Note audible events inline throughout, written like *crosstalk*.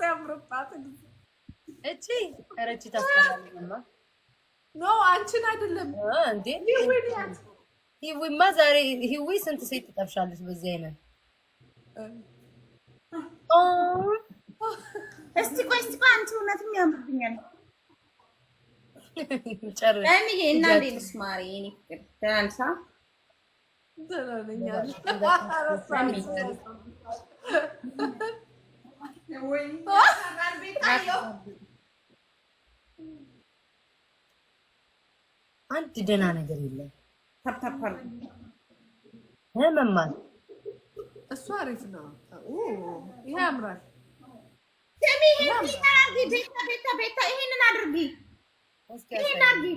ሲያምርባት እቺ ኧረ እቺ ታስቀራለማ። ኖ አንቺን አይደለም እንዴ ሂዊማ፣ ዛሬ ሂዊ ስንት ሴት ትጠብሻለች በዚህ አይነት። እስቲ ቆይ እስቲ ቆይ፣ አንቺ እውነትም ያምርብኛል። ጨርምዬ እና እንዴት ነሽ ማሬ? የእኔ ፍቅር ደህና ነሽ? ደህና ነኝ። አንድ ደህና ነገር የለም። መማል እሱ አሪፍ ነው። ይሄ ያምራል። ይሄንን አድርጊ፣ አድርጊ፣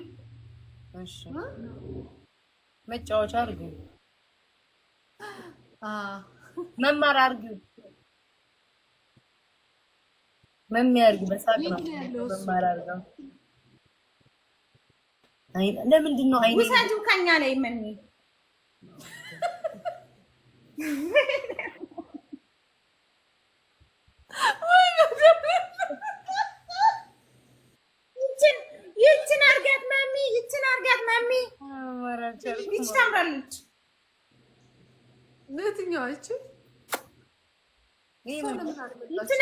መጫወቻ አድርጊ፣ መማር መሚያርግ በሳቅ ነው መማር ለምንድን ነው አይኔ ውሰጂው ከኛ ላይ መሚ ይችን አድርጋት መሚ ይችን አድርጋት መሚ ይች ታምራለች የትኛዋ ይችን ይችን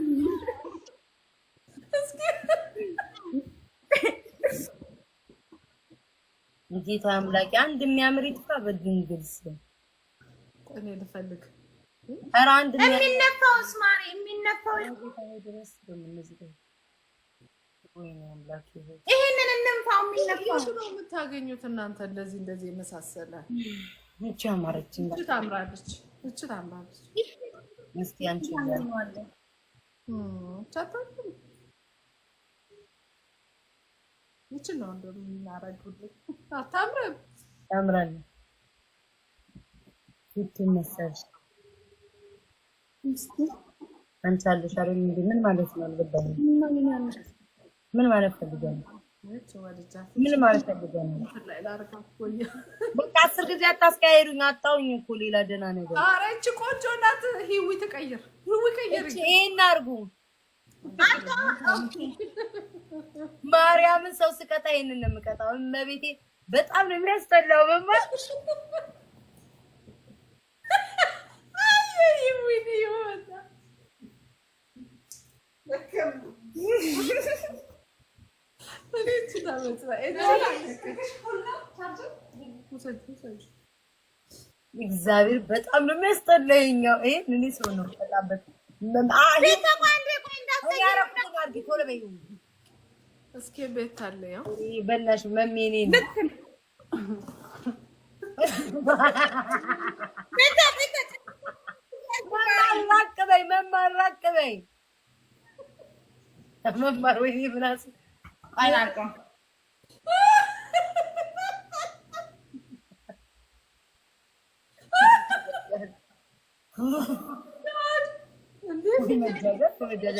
*laughs* ጌታ አምላኬ አንድ የሚያምር ይጥፋ። በድንግል ስም ልፈልግ ኧረ አንድ የሚነፋው ስማሪ የሚነፋው ድረስ እንንፋው የሚነፋው የምታገኙት እናንተ እንደዚህ እንደዚህ የመሳሰለ እቺ አማረች፣ እቺ ታምራለች፣ እቺ ታምራለች። እስኪ አንቺ ያለ ይችን ነው እንደው የምናደርጉልህ። አታምርም? ታምራለህ። ፊትን መሰለሽ አንቺ አለሽ ምን ማለት ነው አልገባኝም። ምን ማለት ፈልገህ ነው? ምን ማለት ፈልገህ ነው? አስር ጊዜ አታስቀያይሩኝ። አጣውኝ እኮ ሌላ ደህና ነገር። ኧረ ይህቺ ቆንጆ ናት። ሂዊ ትቀይር፣ ሂዊ ቀይር። ይሄን አድርጉ ማርያምን ሰው ስቀጣ ይሄንን ነው የምቀጣው። እመቤቴ በጣም ነው የሚያስጠላው። መማ እግዚአብሔር በጣም ነው የሚያስጠላኛው። ይሄን እኔ ሰው ነው የምቀጣበት። እስኪ ቤት አለ ያው በላሽ መሜኔ መማር ራቅ በይ፣ መማር ራቅ በይ። መማር ወይኔ ብናስ አላውቅም። መጃጃ መጃጃ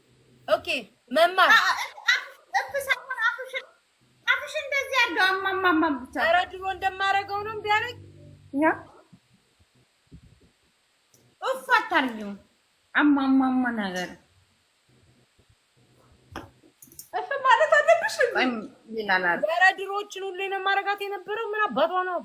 ኦኬ መማር አፍሽን እንደዚህ ያለው አማማማ ብቻ ኧረ ድሮ እንደማደርገው ነው ቢያደርግ ያ አማማማ ነገር እፍ ማለት አለብሽ ኧረ ድሮዎችን ሁሉ ነው ማረጋት የነበረው ምን አባቷ ነው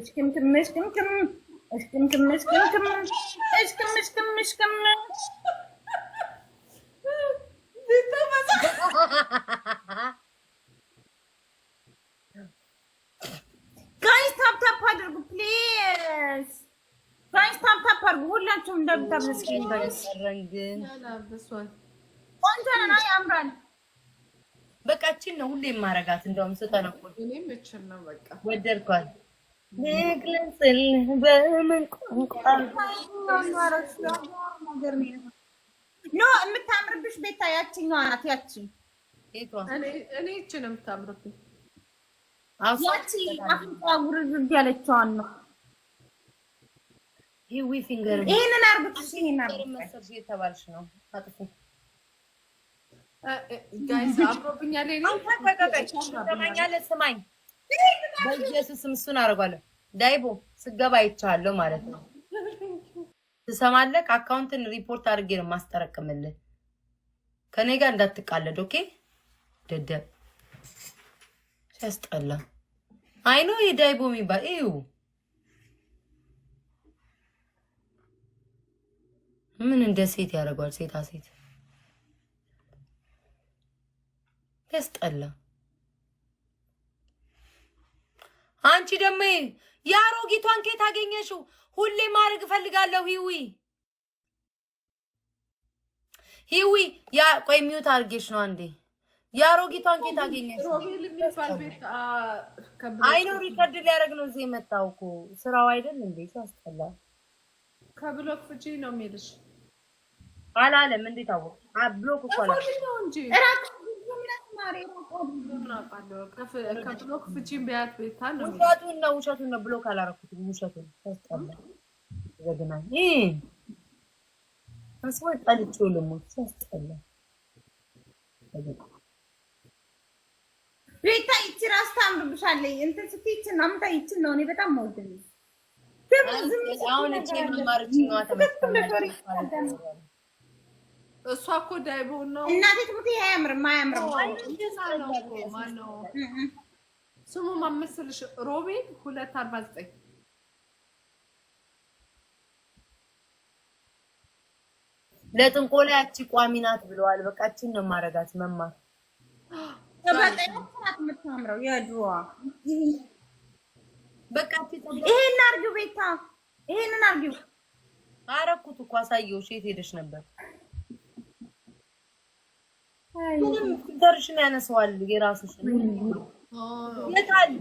እሽክምክም እሽክምክም እሽክምክም እሽክምክም እሽክም እሽክም ጋይስ ታፕ ታፕ አድርጉ ፕሊዝ። ጋይስ ታፕ ታፕ አድርጉ ሁላችሁም እንደምታብ መስኪን ቆንጆ ነና ያምራል። በቃችን ነው ሁሌ የማረጋት እንደውም ስተነኩል ወደድኳል። ግለጽልህ በምን ቋንቋ ኖ የምታምርብሽ ቤታ ያችኛዋ ናት። ያቺ እኔ ይቺ ነው የምታምርብኝ። ያቺ አፍንጫዋ ጉርዝብ ያለችዋን ነው። ይህንን አርብትሽ የተባልሽ ነው። ጋይስ አምሮብኛል። ስማኝ በኢየሱስም እሱን አደርጓለሁ። ዳይቦ ስገባ አይቻለሁ ማለት ነው። ትሰማለህ? አካውንትን ሪፖርት አድርጌ ነው የማስጠረቅምልህ። ከኔ ጋር እንዳትቃለድ ኦኬ። ደደብ ሲያስጠላ አይኖ የዳይቦ የሚባል እዩ ምን እንደ ሴት ያደርጓል። ሴታ ሴት ያስጠላ አንቺ ደም የአሮጊቷን ኬት አገኘሽው? ሁሌ ማድረግ እፈልጋለሁ። ሂዊ ሂዊ፣ ያ ቆይ ሚውት አድርጌሽ ነው አንዴ። የአሮጊቷን ኬት አገኘሽው? አይ ነው ሪከርድ ሊያደርግ ነው እዚህ የመጣው እኮ ስራው አይደል እንዴ? ያስጠላ። ከብሎክ ፍጪ ነው የሚልሽ አላለም እንዴ? ታወቅ ብሎክ እኮ ነው እንጂ ከብሎክ ፍቺን ቢያት ቤታ ውሸቱን ነው ውሸቱን ነው ብሎክ አላረኩትም። ውሸቱን ሲያስጠላ ዘግናኝ መስወጥ ጠልቼ ልሞት ሲያስጠላ ቤታ ይቺ ራስ ታምርብሻለች። እንትን ስትይ ይችን አምጣ ይችን ነው እኔ በጣም መውደል እሷ እኮ ዳይቦን ነው እናቴ ትሙት። ይሄ አያምርም፣ ስሙ ማመስልሽ? ሮቤል ሁለት አርባ ዘጠኝ ለጥንቆላ ያቺ ቋሚ ናት ብለዋል። በቃችን ነው ማረጋት መማር የምታምረው የድሮ በቃ ይሄን አርጊው ቤታ፣ ይሄንን አርጊው። አረኩት እኮ አሳየሁሽ። የት ሄደሽ ነበር? ደርሽን ያነሰዋል። የራስሽ የታል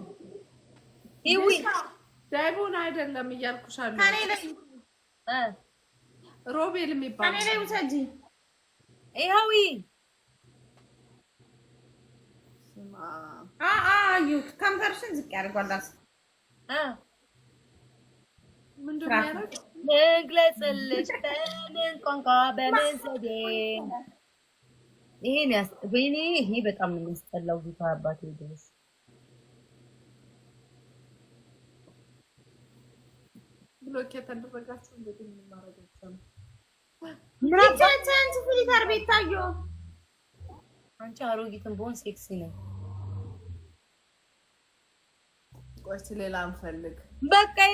ይዊ ዳይቦን አይደለም እያልኩሽ አለው። ሮቤል የሚባል ይኸው አዩት ከንፈርሽን ዝቅ ያደርጓል። ምንድን ነው ያደረግሽ? ልግለጽልሽ በምን ቋንቋ በምን ዘዴ ይሄን ወይኔ ይሄ በጣም ነው የሚያስጠላው። ጌታ አባቴ ድረስ እንደዚህ ምን ነው? አንቺ አሮጊትን በሆን ሴክሲ ነው። ቆይ ሌላ አንፈልግ በቃ